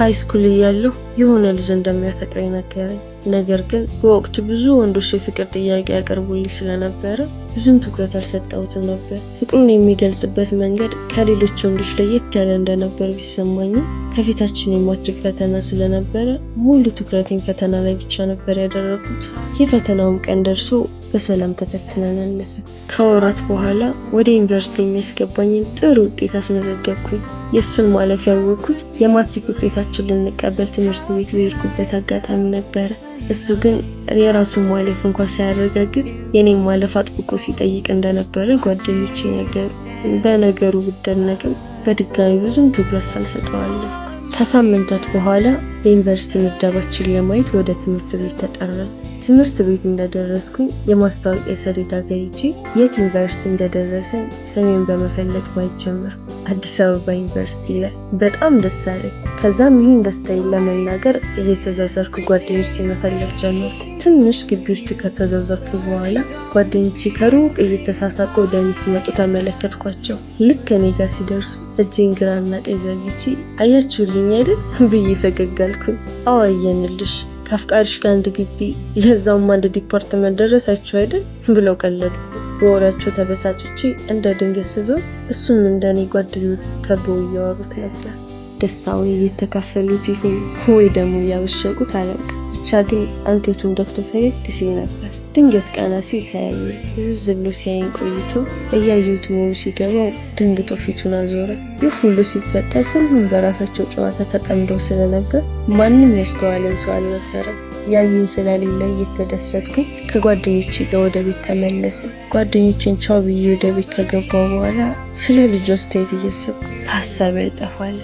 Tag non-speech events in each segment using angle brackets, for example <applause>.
ሃይ ስኩል እያለሁ የሆነ ልጅ እንደሚያፈቅረኝ ነገረኝ። ነገር ግን በወቅቱ ብዙ ወንዶች የፍቅር ጥያቄ ያቀርቡልኝ ስለነበረ ብዙም ትኩረት አልሰጠሁትም ነበር። ፍቅሩን የሚገልጽበት መንገድ ከሌሎች ወንዶች ለየት ያለ እንደነበር ቢሰማኝም ከፊታችን የማትሪክ ፈተና ስለነበረ ሙሉ ትኩረቴን ፈተና ላይ ብቻ ነበር ያደረጉት። የፈተናውም ቀን ደርሶ በሰላም ተፈትነን አለፈ። ከወራት በኋላ ወደ ዩኒቨርሲቲ የሚያስገባኝን ጥሩ ውጤት አስመዘገብኩኝ። የእሱን ማለፍ ያወቅኩት የማትሪክ ውጤታችን ልንቀበል ትምህርት ቤት በሄድኩበት አጋጣሚ ነበረ። እሱ ግን የራሱን ማለፍ እንኳን ሳያረጋግጥ የኔ ማለፍ አጥብቆ ሲጠይቅ እንደነበረ ጓደኞች ነገር በነገሩ ብደነቅም በድጋሚ ብዙም ትኩረት ሳልሰጠው አለፍኩ። ከሳምንታት በኋላ የዩኒቨርሲቲ ምደባችን ለማየት ወደ ትምህርት ቤት ተጠራን። ትምህርት ቤት እንደደረስኩኝ የማስታወቂያ ሰሌዳ ገይቼ የት ዩኒቨርሲቲ እንደደረሰኝ ስሜን በመፈለግ ማየት አዲስ አበባ ዩኒቨርሲቲ ላይ በጣም ደስ አለኝ። ከዛም ይህን ደስታዬን ለመናገር እየተዛዘርኩ ጓደኞች የመፈለግ ጀመርኩ። ትንሽ ግቢ ውስጥ ከተዘዋወርኩ በኋላ ጓደኞቼ ከሩቅ እየተሳሳቁ ወደ እኔ ሲመጡ ተመለከትኳቸው። ልክ እኔ ጋር ሲደርሱ እጅን ግራና ቀኝ ዘርግቼ አያችሁልኝ አይደል <laughs> ብዬ ፈገግ አልኩኝ። አየንልሽ፣ ከአፍቃሪሽ ጋር አንድ ግቢ ለዛውም አንድ ዲፓርትመንት ደረሳችሁ አይደል <laughs> ብለው ቀለዱ። በወሬያቸው ተበሳጭቼ እንደ ድንገት ስዞር እሱም እንደኔ ጓደኞች ከበው እያወሩት ነበር። ደስታው እየተካፈሉት ይሁን ወይ ደግሞ እያበሸቁት አላውቅም። ብቻ ግን አንገቱን ደፍቶ ፈገግ ሲል ነበር። ድንገት ቀና ሲል ተያየ። ዝዝ ብሎ ሲያይን ቆይቶ እያየሁት መሆኑ ሲገባው ደንግጦ ፊቱን አዞረ። ይህ ሁሉ ሲፈጠር ሁሉም በራሳቸው ጨዋታ ተጠምደው ስለነበር ማንም ያስተዋለን ሰው አልነበረም። ያየን ስለሌለ እየተደሰትኩኝ ከጓደኞቼ ጋር ወደ ቤት ተመለስ! ጓደኞቼን ቻው ብዬ ወደ ቤት ከገባው በኋላ ስለ ልጅ አስተያየት እየሰጥ ከሀሳብ ያጠፋል።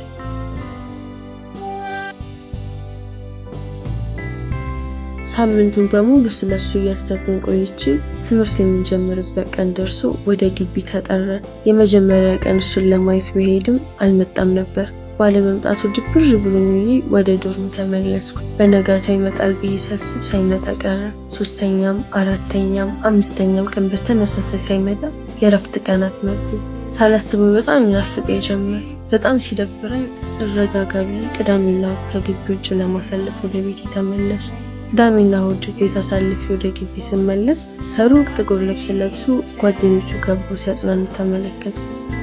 ሳምንቱን በሙሉ ስለሱ እያሰብን ቆይቼ ትምህርት የምንጀምርበት ቀን ደርሶ ወደ ግቢ ተጠራን። የመጀመሪያ ቀን እሱን ለማየት ብሄድም አልመጣም ነበር። ባለመምጣቱ ድብር ብሎኝ ወደ ዶርም ተመለስኩ። በነጋታው ይመጣል ብዬ ሳስብ ሳይመጣ ቀረ። ሶስተኛም አራተኛም አምስተኛም ቀን በተመሳሳይ ሳይመጣ የእረፍት ቀናት መጡ። ሳላስበው በጣም ይናፍቀኝ ጀመር። በጣም ሲደብረኝ ረጋጋቢ ቅዳሜና ከግቢ ውጭ ለማሳለፍ ወደ ቤት የተመለሱ ቅዳሜና እሁድ ቤት አሳልፌ ወደ ግቢ ስመለስ ፈሩቅ ጥቁር ልብስ ለብሶ ጓደኞቹ ከቦ ሲያጽናኑ ተመለከተ።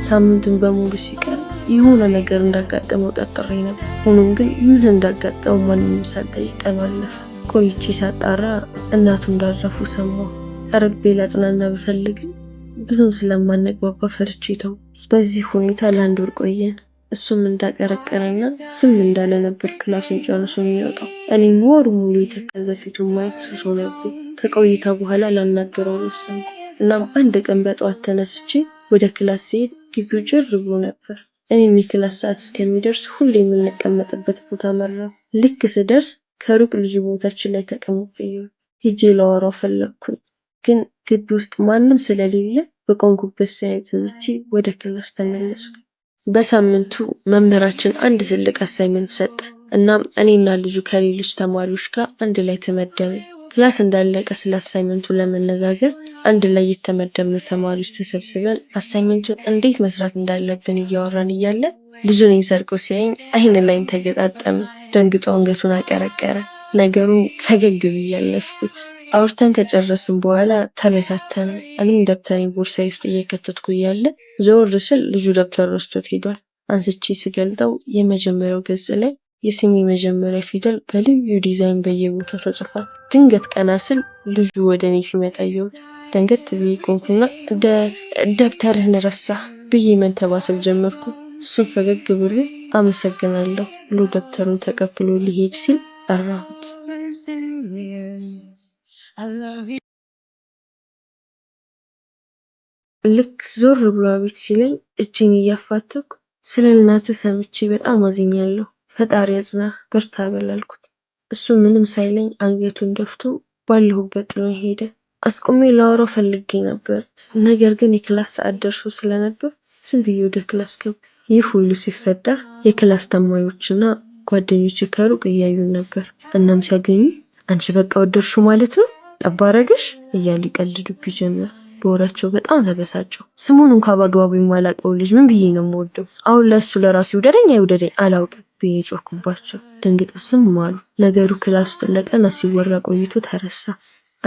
ሳምንቱን በሙሉ ሲቀር የሆነ ነገር እንዳጋጠመው ጠርጥሬ ነበር። ሆኖም ግን ምን እንዳጋጠመው ማንም ሳልጠይቅ ቀኑ አለፈ። ቆይቼ ሳጣራ እናቱ እንዳረፉ ሰማሁ። ቀርቤ ላጽናና ብፈልግም ብዙም ስለማንግባባ ፈርቼ ተው። በዚህ ሁኔታ ለአንድ ወር ቆየን። እሱም እንዳቀረቀረና ስም እንዳለ ነበር ክላሱን ጨርሶ የሚወጣው። እኔም ወሩ ሙሉ የተከዘ ፊቱን ማየት ስሶ ነበር። ከቆይታ በኋላ ላናገረው ወሰንኩ። እናም አንድ ቀን በጠዋት ተነስቼ ወደ ክላስ ሲሄድ ግቢው ጭር ብሎ ነበር። እኔም የክላስ ሰዓት እስከሚደርስ ሁሌ የምንቀመጥበት ቦታ መራ። ልክ ስደርስ ከሩቅ ልጅ ቦታችን ላይ ተቀምጠው ሄጄ ላወራው ፈለግኩኝ፣ ግን ግቢ ውስጥ ማንም ስለሌለ በቆንኩበት ሳይዘዝቼ ወደ ክላስ ተመለስኩ። በሳምንቱ መምህራችን አንድ ትልቅ አሳይመንት ሰጠ እናም እኔና ልጁ ከሌሎች ተማሪዎች ጋር አንድ ላይ ተመደብን። ክላስ እንዳለቀ ስለ አሳይመንቱ ለመነጋገር አንድ ላይ የተመደብነው ተማሪዎች ተሰብስበን አሳይመንቱን እንዴት መስራት እንዳለብን እያወራን እያለ ልጁ እኔን ሰርቆ አይን ላይን ተገጣጠም ደንግጦ አንገቱን አቀረቀረ። ነገሩን ፈገግ ብዬ አለፍኩት። አውርተን ከጨረስን በኋላ ተበታተን እኔም ደብተሬን ቦርሳዬ ውስጥ እየከተትኩ እያለ ዘወር ስል ልጁ ደብተር ወስዶት ሄዷል። አንስቼ ስገልጠው የመጀመሪያው ገጽ ላይ የስሜ መጀመሪያ ፊደል በልዩ ዲዛይን በየቦታው ተጽፏል። ድንገት ቀና ስል ልጁ ወደ እኔ ሲመጣ የሁት ደንገት ብዬ ቆምኩና ደብተርህን ረሳ ብዬ መንተባተብ ጀመርኩ። እሱን ፈገግ ብሎ አመሰግናለሁ ብሎ ደብተሩን ተቀብሎ ሊሄድ ሲል ጠራሁት። ልክ ዞር ብሎ አቤት ሲለኝ እጄን እያፋተትኩ ስለ እናትህ ሰምቼ በጣም አዝኛለሁ፣ ፈጣሪ ያጽናህ፣ በርታ በል አልኩት። እሱ ምንም ሳይለኝ አንገቱን ደፍቶ ባለሁበት ጥሎኝ ሄደ። አስቆሜ ላወራው ፈልጌ ነበር፣ ነገር ግን የክላስ ሰዓት ደርሶ ስለነበር ዝም ብዬ ወደ ክላስ ገባ። ይህ ሁሉ ሲፈጠር የክላስ ተማሪዎችና ጓደኞቼ ከሩቅ እያዩን ነበር። እናም ሲያገኙ አንቺ በቃ ወደድሽው ማለት ነው ጠብ አደረግሽ እያሉ ይቀልዱብኝ ጀመር። በወራቸው በጣም ተበሳጨው ስሙን እንኳ በአግባቡ የማላውቀው ልጅ ምን ብዬ ነው የምወደው? አሁን ለእሱ ለራሱ ይውደደኝ አይውደደኝ አላውቅም ብዬ ጮኩባቸው። ደንግጠው ስም አሉ። ነገሩ ክላስ ጥለቀና ሲወራ ቆይቶ ተረሳ።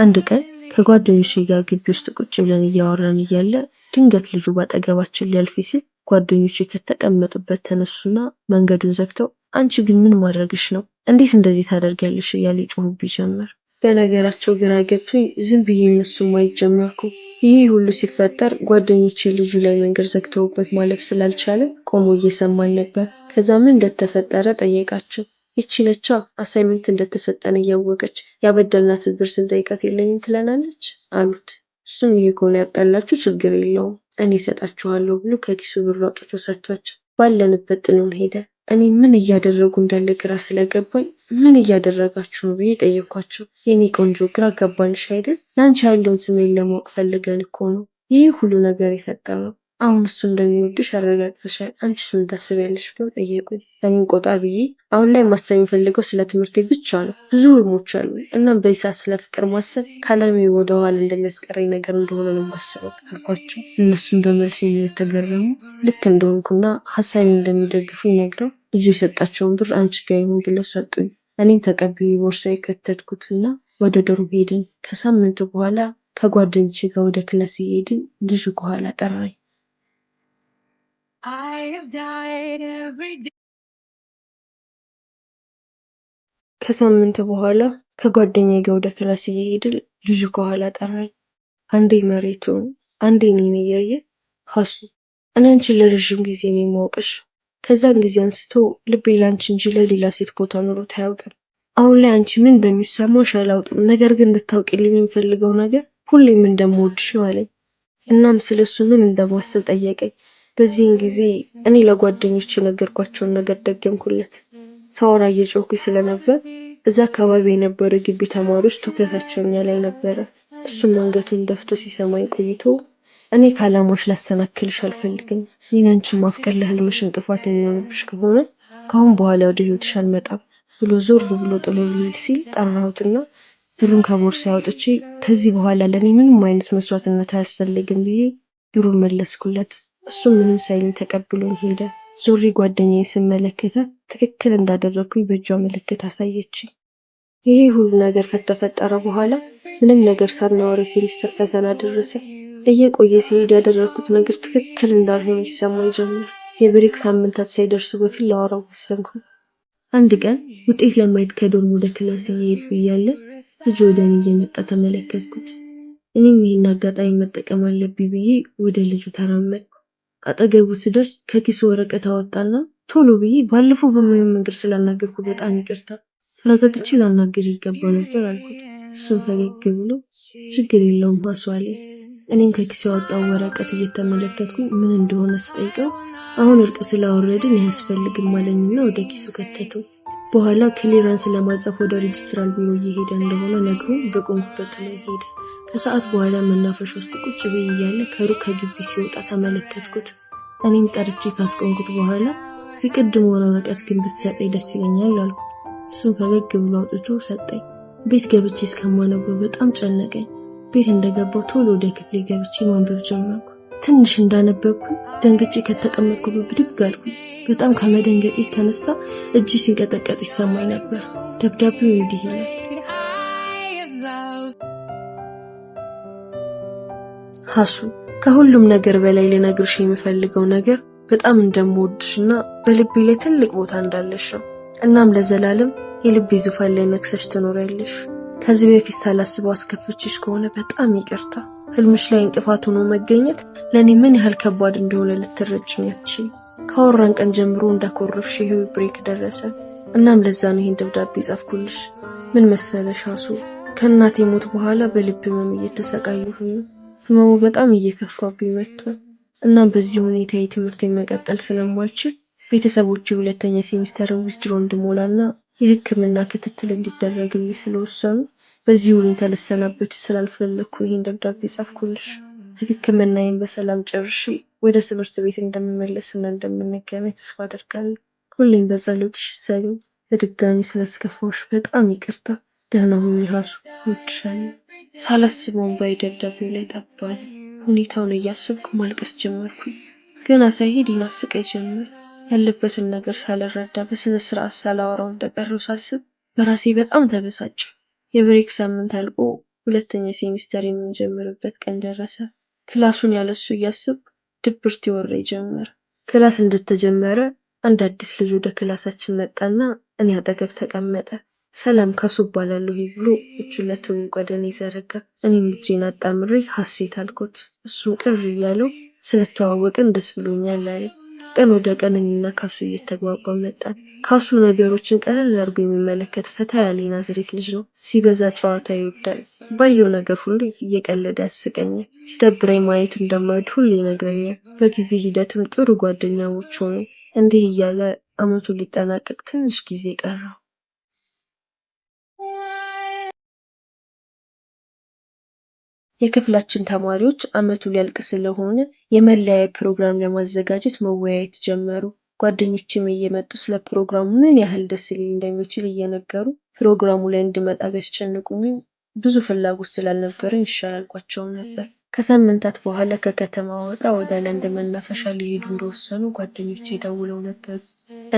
አንድ ቀን ከጓደኞች ጋር ግቢ ውስጥ ቁጭ ብለን እያወራን እያለ ድንገት ልጁ ባጠገባችን ሊያልፍ ሲል ጓደኞች ከተቀመጡበት ተነሱና መንገዱን ዘግተው አንቺ ግን ምን ማድረግሽ ነው? እንዴት እንደዚህ ታደርጊያለሽ? እያለ ይጮሁብኝ ጀመር። በነገራቸው ግራ ገብቶኝ ዝም ብዬ እነሱ ማየት ጀመርኩ። ይህ ሁሉ ሲፈጠር ጓደኞቼ ልጁ ላይ መንገድ ዘግተውበት ማለፍ ስላልቻለ ቆሞ እየሰማን ነበር። ከዛ ምን እንደተፈጠረ ጠየቃቸው። ይቺ ነቻ አሳይመንት እንደተሰጠን እያወቀች ያበደልናት ብር ስንጠይቃት የለኝም ትለናለች አሉት። እሱም ይሄ ከሆነ ያጣላችሁ ችግር የለውም እኔ እሰጣችኋለሁ ብሎ ከኪሱ ብር አውጥቶ ሰጥቷቸው ባለንበት ጥሎን ሄደ። እኔ ምን እያደረጉ እንዳለ ግራ ስለገባኝ ምን እያደረጋችሁ ነው ብዬ ጠየኳቸው። የኔ ቆንጆ ግራ ገባንሽ አይደል? ለአንቺ ያለውን ስሜት ለማወቅ ፈልገን እኮ ነው ይህ ሁሉ ነገር የፈጠረው። አሁን እሱ እንደሚወድሽ ያረጋግጥሻል። አንቺስ ምን ታስቢያለሽ ብለው ጠየቁኝ። እኔም ቆጣ ብዬ አሁን ላይ ማሰብ የምፈልገው ስለ ትምህርቴ ብቻ ነው። ብዙ ህልሞች አሉ። እናም በዚህ ሰዓት ስለ ፍቅር ማሰብ ከአላሚ ወደኋላ እንደሚያስቀረኝ ነገር እንደሆነ ነው ማሰበው አልኳቸው። እነሱም በመልስ የተገረሙ ልክ እንደሆንኩና ሀሳቢ እንደሚደግፉ ነግረው ብዙ የሰጣቸውን ብር አንቺ ጋ ይሁን ብለው ሰጡኝ። እኔም ተቀብዬ ቦርሳዬ ከተትኩትና ወደ ዶርም ሄድን። ከሳምንቱ በኋላ ከጓደኞቼ ጋር ወደ ክላስ እየሄድን ልጁ ከኋላ ጠራኝ። I have died every day. ከሳምንት በኋላ ከጓደኛዬ ጋር ወደ ክላስ እየሄድ ልጁ ከኋላ ጠራኝ። አንዴ መሬቱን አንዴ እኔን እያየ ሀሱ እኔ አንቺን ለረዥም ጊዜ ነው የማውቅሽ። ከዛን ጊዜ አንስቶ ልቤ ለአንቺ እንጂ ለሌላ ሴት ቦታ ኑሮት አያውቅም። አሁን ላይ አንቺ ምን እንደሚሰማሽ አላውቅም፣ ነገር ግን እንድታውቂልኝ የምፈልገው ነገር ሁሌም እንደምወድሽ አለኝ። እናም ስለሱ ምን እንደማስብ ጠየቀኝ። በዚህን ጊዜ እኔ ለጓደኞች የነገርኳቸውን ነገር ደገምኩለት። ሳወራ እየጮኩ ስለነበር እዛ አካባቢ የነበሩ ግቢ ተማሪዎች ትኩረታቸው እኛ ላይ ነበረ። እሱም አንገቱን ደፍቶ ሲሰማኝ ቆይቶ እኔ ከአላማዎች ላሰናክልሽ አልፈልግም። እኔን አንቺን ማፍቀር ለህልምሽን ጥፋት የሚሆንብሽ ከሆነ ከአሁን በኋላ ወደ ህይወትሽ አልመጣም ብሎ ዞር ብሎ ጥሎ ሊሄድ ሲል ጠራሁትና ብሩን ከቦርሳ ያወጥቼ ከዚህ በኋላ ለእኔ ምንም አይነት መስዋዕትነት አያስፈልግም ብዬ ብሩን መለስኩለት። እሱ ምንም ሳይለኝ ተቀብሎ ሄደ። ዙሪ ጓደኛዬ ስመለከተ ትክክል እንዳደረግኩኝ በእጇ ምልክት አሳየችኝ። ይሄ ሁሉ ነገር ከተፈጠረ በኋላ ምንም ነገር ሳናወራ የሴሚስተር ፈተና ደረሰ። እየቆየ ሲሄድ ያደረግኩት ነገር ትክክል እንዳልሆነ ይሰማኝ ጀመር። የብሬክ ሳምንታት ሳይደርሱ በፊት ላወራው ወሰንኩ። አንድ ቀን ውጤት ለማየት ከዶርም ወደ ክላስ እየሄድ ብያለ ልጅ ወደ እኔ እየመጣ ተመለከትኩት። እኔም ይህን አጋጣሚ መጠቀም አለብኝ ብዬ ወደ ልጁ ተራመድኩ። አጠገቡ ስደርስ ከኪሱ ወረቀት አወጣና ቶሎ ብዬ ባለፈው በማየው መንገድ ስላናገርኩ በጣም ይቅርታ፣ ተረጋግቼ ላናገር ይገባ ነበር አልኩት። እሱን ፈገግ ብሎ ችግር የለውም ማስዋሌ። እኔም ከኪሱ ያወጣው ወረቀት እየተመለከትኩ ምን እንደሆነ ስጠይቀው አሁን እርቅ ስላወረድን አያስፈልግም ና ወደ ኪሱ ከተተው። በኋላ ክሊራንስ ለማጻፍ ወደ ሬጅስትራል ቢሮ እየሄደ እንደሆነ ነግሮ በቆምኩበት ነው ሄደ። ከሰዓት በኋላ መናፈሻ ውስጥ ቁጭ ብዬ እያለ ከሩቅ ከግቢ ሲወጣ ተመለከትኩት። እኔም ጠርቼ ካስቆንኩት በኋላ ከቅድም ወረቀት ርቀት ግን ብትሰጠኝ ደስ ይለኛል አልኩት። እሱም ፈገግ ብሎ አውጥቶ ሰጠኝ። ቤት ገብቼ እስከማነበው በጣም ጨነቀኝ። ቤት እንደገባው ቶሎ ወደ ክፍሌ ገብቼ ማንበብ ጀመርኩ። ትንሽ እንዳነበብኩ ደንግጬ ከተቀመጥኩበት ብድግ አልኩ። በጣም ከመደንገጤ የተነሳ እጅ ሲንቀጠቀጥ ይሰማኝ ነበር። ደብዳቤው እንዲህ ይላል። ሀሱ ከሁሉም ነገር በላይ ልነግርሽ የምፈልገው ነገር በጣም እንደምወድሽና በልቤ ላይ ትልቅ ቦታ እንዳለሽ ነው። እናም ለዘላለም የልቤ ዙፋን ላይ ነግሰሽ ትኖሪያለሽ። ከዚህ በፊት ሳላስበው አስከፍችሽ ከሆነ በጣም ይቅርታ። ህልምሽ ላይ እንቅፋት ሆኖ መገኘት ለእኔ ምን ያህል ከባድ እንደሆነ ልትረጅኝ አትችይም። ካወራን ቀን ጀምሮ እንዳኮረፍሽ ይሄው ብሬክ ደረሰ። እናም ለዛ ነው ይህን ደብዳቤ ጻፍኩልሽ። ምን መሰለሽ ሀሱ፣ ከእናቴ ሞት በኋላ በልብ ህመም እየተሰቃየሁ ህመሙ በጣም እየከፋብኝ መጥቷል እና በዚህ ሁኔታ የትምህርት መቀጠል ስለማልችል ቤተሰቦቼ ሁለተኛ ሴሚስተር ዊዝድሮ እንድሞላ እና የሕክምና ክትትል እንዲደረግልኝ ስለወሰኑ በዚህ ሁኔታ ልሰናበትሽ ስላልፈለግኩ ይህን ደብዳቤ ጻፍኩልሽ። ህክምናዬን በሰላም ጨርሼ ወደ ትምህርት ቤት እንደምመለስ እና እንደምንገናኝ ተስፋ አደርጋለሁ። ሁሌም በጸሎትሽ ይሰሪኝ። በድጋሚ ስለስከፋዎች በጣም ይቅርታ። ደህናሁን ይላል ውድሻዬ። ሳላስበውን ደብዳቤው ላይ ጠባኝ። ሁኔታውን እያስብኩ ማልቀስ ጀመርኩኝ። ገና ሳይሄድ ይናፍቀኝ ጀመር። ያለበትን ነገር ሳልረዳ በስነ ስርዓት ሳላወራው እንደቀረው ሳስብ በራሴ በጣም ተበሳጭ የብሬክ ሳምንት አልቆ ሁለተኛ ሴሚስተር የምንጀምርበት ቀን ደረሰ። ክላሱን ያለሱ እያስብ ድብርት ይወረኝ ጀመር። ክላስ እንደተጀመረ አንድ አዲስ ልጅ ወደ ክላሳችን መጣና እኔ አጠገብ ተቀመጠ። ሰላም ከሱ እባላለሁ ብሎ እጁን ለትውውቅ ወደ እኔ ዘረጋ። እኔም እጄን አጣምሬ ሀሴት አልኩት። እሱም ቅር እያለው ስለተዋወቅን ደስ ብሎኛል አለ። ቀን ወደ ቀን እኔና ካሱ እየተግባባን መጣን። ካሱ ነገሮችን ቀለል አድርጎ የሚመለከት ፈታ ያለ ናዝሬት ልጅ ነው። ሲበዛ ጨዋታ ይወዳል። ባየው ነገር ሁሉ እየቀለደ ያስቀኛል። ሲደብረኝ ማየት እንደማይወድ ሁሉ ይነግረኛል። በጊዜ ሂደትም ጥሩ ጓደኛሞች ሆኑ። እንዲህ እያለ ዓመቱ ሊጠናቀቅ ትንሽ ጊዜ ቀረው። የክፍላችን ተማሪዎች አመቱ ሊያልቅ ስለሆነ የመለያ ፕሮግራም ለማዘጋጀት መወያየት ጀመሩ። ጓደኞችም እየመጡ ስለ ፕሮግራሙ ምን ያህል ደስ ሊል እንደሚችል እየነገሩ ፕሮግራሙ ላይ እንድመጣ ቢያስጨንቁኝም ብዙ ፍላጎት ስላልነበረ እሺ ነበር። ከሳምንታት በኋላ ከከተማ ወጣ ወደ አንድ መናፈሻ ሊሄዱ እንደወሰኑ ጓደኞች ደውለው ነበሩ።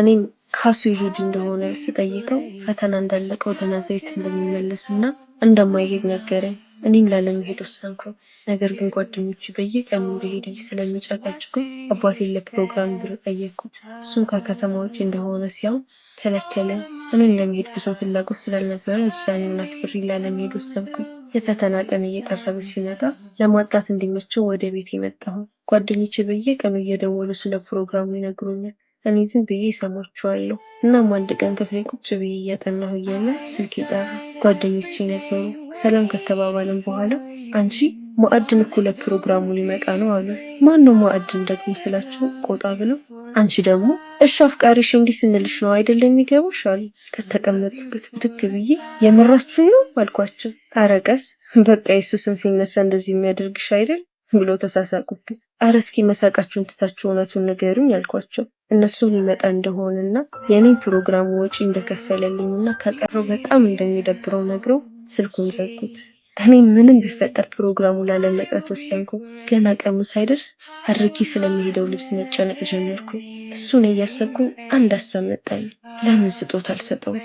እኔም ካሱ ይሄድ እንደሆነ ስጠይቀው ፈተና እንዳለቀ ወደ ናዝሬት እንደሚመለስና እንደማይሄድ ነገረኝ። እኔም ላለመሄድ ወሰንኩ። ነገር ግን ጓደኞቼ በየቀኑ እንድሄድ ስለሚጨቀጭቁኝ አባቴን ለፕሮግራም ብር ጠየቅኩት። እሱም ከከተማ ውጭ እንደሆነ ሲያውቅ ከለከለ። እኔም ለመሄድ ብዙ ፍላጎት ስላልነበረ ውሳኔውን አክብሬ ላለመሄድ ወሰንኩ። የፈተና ቀን እየቀረበ ሲመጣ ለማጥናት እንዲመቸው ወደ ቤት መጣሁ። ጓደኞቼ በየቀኑ እየደወሉ ስለ ፕሮግራሙ ይነግሩኛል። እኔ ዝም ብዬ እሰማችኋለሁ። እናም አንድ ቀን ክፍሌ ቁጭ ብዬ እያጠናሁ እያለ ስልኬ ጠራ። ጓደኞቼ ነበሩ። ሰላም ከተባባልን በኋላ አንቺ ማዕድን እኮ ለፕሮግራሙ ሊመጣ ነው አሉ። ማን ነው ማዕድን ደግሞ ስላቸው ቆጣ ብለው አንቺ ደግሞ እሺ አፍቃሪሽ እንዲህ ስንልሽ ነው አይደል የሚገባሽ አሉ። ከተቀመጥኩበት ብድግ ብዬ የምራችሁ ነው አልኳቸው። አረ ቀስ በቃ የሱ ስም ሲነሳ እንደዚህ የሚያደርግሽ አይደል ብለው ተሳሳቁብኝ። ኧረ እስኪ መሳቃችሁን ትታችሁ እውነቱን ንገሩኝ አልኳቸው። እነሱ የሚመጣ እንደሆነ እና የኔ ፕሮግራም ወጪ እንደከፈለልኝ እና ከቀረው በጣም እንደሚደብረው ነግረው ስልኩን ዘጉት። እኔ ምንም ቢፈጠር ፕሮግራሙ ላለመቅረት ወሰንኩ። ገና ቀኑ ሳይደርስ አድርጊ ስለሚሄደው ልብስ መጨነቅ ጀመርኩ። እሱን እያሰብኩ አንድ አሳብ መጣኝ። ለምን ስጦታ አልሰጠውም?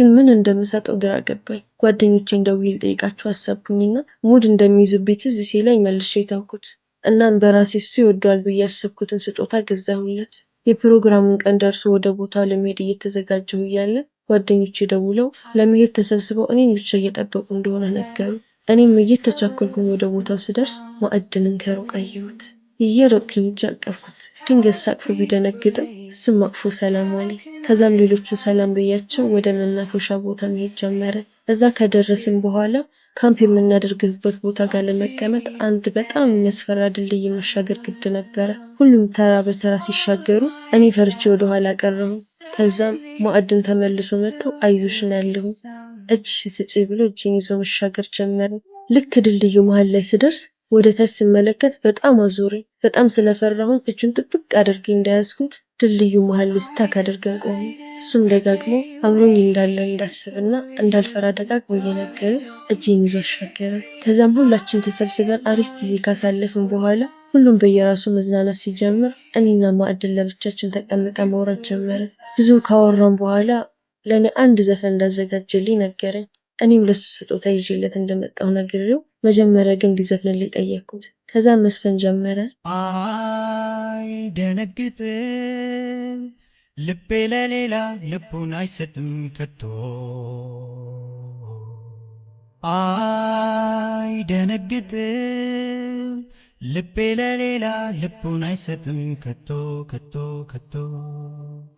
ግን ምን እንደምሰጠው ግራ ገባኝ። ጓደኞቼን ደውዬ ልጠይቃቸው አሰብኩኝና ሙድ እንደሚይዙብኝ ትዝ ሲለኝ መልሼ ተውኩት። እናም በራሴ እሱ ይወደዋል ብዬ ያሰብኩትን ስጦታ ገዛሁለት። የፕሮግራሙን ቀን ደርሶ ወደ ቦታው ለመሄድ እየተዘጋጀሁ እያለ ጓደኞቼ ደውለው ለመሄድ ተሰብስበው እኔን ብቻ እየጠበቁ እንደሆነ ነገሩ። እኔም እየተቻኮልኩኝ ወደ ቦታው ስደርስ ማዕድንን ከሩቅ አየሁት። እየሮጥኩኝ እጅ አቀፍኩት። ድንገት ሳቅፎ ቢደነግጥም እሱም አቅፎ ሰላም አለ። ከዛም ሌሎቹ ሰላም ብያቸው ወደ መናፈሻ ቦታ መሄድ ጀመረ። እዛ ከደረስን በኋላ ካምፕ የምናደርግበት ቦታ ጋር ለመቀመጥ አንድ በጣም የሚያስፈራ ድልድይ መሻገር ግድ ነበረ። ሁሉም ተራ በተራ ሲሻገሩ እኔ ፈርቼ ወደኋላ ቀረሁ። ከዛም ማዕድን ተመልሶ መጥተው አይዞሽን ያለሁ እጅ ስጪ ብሎ እጅን ይዞ መሻገር ጀመረ ልክ ድልድዩ መሀል ላይ ስደርስ ወደ ታች ስመለከት በጣም አዞረኝ። በጣም ስለፈራሁኝ ፍቹን ጥብቅ አድርጌ እንዳያዝኩት ድልድዩ መሀል ላይ ስታክ አድርገን ቆሙ። እሱም ደጋግሞ አብሮኝ እንዳለ እንዳስብና እንዳልፈራ ደጋግሞ እየነገረ እጄን ይዞ አሻገረ። ከዚያም ሁላችን ተሰብስበን አሪፍ ጊዜ ካሳለፍን በኋላ ሁሉም በየራሱ መዝናናት ሲጀምር እኔና ማዕድን ለብቻችን ተቀምጠ ማውራት ጀመረ። ብዙ ካወራን በኋላ ለእኔ አንድ ዘፈን እንዳዘጋጀልኝ ነገረኝ። እኔም ለሱ ስጦታ ይዤለት እንደመጣሁ ነግሬው መጀመሪያ ግን እንዲዘፍንልኝ ጠየቅኩት። ከዛ መስፈን ጀመረ። አይ ደነግጥ ልቤ ለሌላ ልቡን አይሰጥም ከቶ አይ ደነግጥ ልቤ ለሌላ ልቡን አይሰጥም ከቶ ከቶ ከቶ።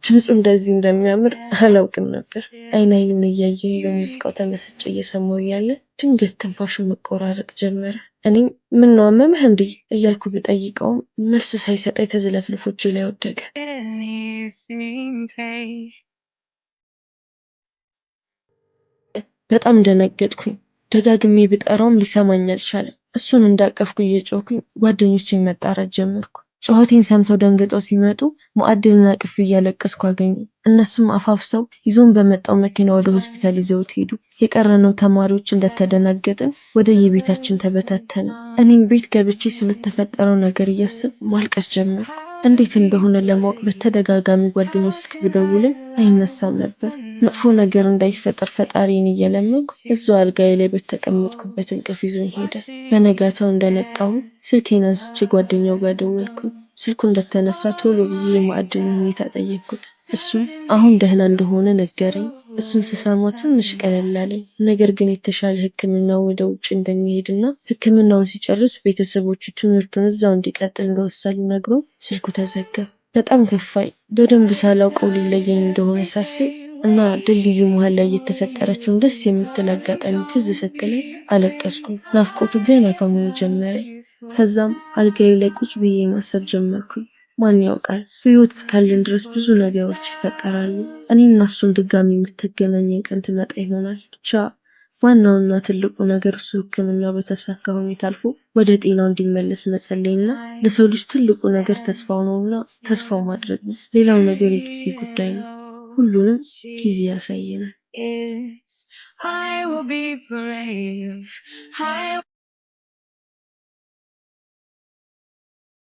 ድምፁ እንደዚህ እንደሚያምር አላውቅም ነበር። አይን አይኑን እያየ በሙዚቃው ተመሰጨ። እየሰማው እያለ ድንገት ትንፋሹ መቆራረጥ ጀመረ። እኔም ምን አመመህ እንዴ እያልኩ ብጠይቀውም መልስ ሳይሰጠ ተዝለፍልፎች ላይ ወደቀ። በጣም ደነገጥኩኝ። ደጋግሜ ብጠራውም ሊሰማኝ አልቻለም። እሱን እንዳቀፍኩ እየጮኩኝ ጓደኞቼን መጣራት ጀመርኩ። ጩኸቴን ሰምተው ደንግጠው ሲመጡ ሙአድልን አቅፌ እያለቀስኩ አገኙ። እነሱም አፋፍሰው ይዞን በመጣው መኪና ወደ ሆስፒታል ይዘውት ሄዱ። የቀረነው ተማሪዎች እንደተደናገጥን ወደ የቤታችን ተበታተነ። እኔም ቤት ገብቼ ስለተፈጠረው ነገር እያስብ ማልቀስ ጀመርኩ። እንዴት እንደሆነ ለማወቅ በተደጋጋሚ ጓደኛው ስልክ ብደውልም አይነሳም ነበር። መጥፎ ነገር እንዳይፈጠር ፈጣሪን እየለመንኩ እዛው አልጋዬ ላይ በተቀመጥኩበት እንቅልፍ ይዞኝ ሄደ። በነጋታው እንደነቃሁ ስልኬን አንስቼ ጓደኛው ጋር ደወልኩ። ስልኩ እንደተነሳ ቶሎ ብዬ የማዕድን ሁኔታ ጠየቅኩት። እሱም አሁን ደህና እንደሆነ ነገረኝ። እሱን ስሰማ ትንሽ ቀለል አለኝ። ነገር ግን የተሻለ ሕክምና ወደ ውጭ እና ሕክምናውን ሲጨርስ ቤተሰቦቹ ትምህርቱን እዛው እንዲቀጥል እንደወሰኑ ነግሮ ስልኩ ተዘጋ። በጣም ከፋኝ። በደንብ ሳላውቀው ሊለየኝ እንደሆነ ሳስብ እና ድልድዩ መሃል ላይ የተፈጠረችውን ደስ የምትል አጋጣሚ ትዝ ስትለኝ አለቀስኩ። ናፍቆቱ ገና ከአሁኑ ጀመረ። ከዛም አልጋዬ ላይ ቁጭ ብዬ ማሰብ ጀመርኩኝ። ማን ያውቃል ህይወት እስካለን ድረስ ብዙ ነገሮች ይፈጠራሉ። እኔ እና እሱን ድጋሚ የምትገናኘን ቀን ትመጣ ይሆናል። ብቻ ዋናውና ትልቁ ነገር እሱ ሕክምና በተሳካ ሁኔታ አልፎ ወደ ጤናው እንዲመለስ መጸለይና ለሰው ልጅ ትልቁ ነገር ተስፋው ነውና ተስፋው ማድረግ ነው። ሌላው ነገር የጊዜ ጉዳይ ነው። ሁሉንም ጊዜ ያሳየናል።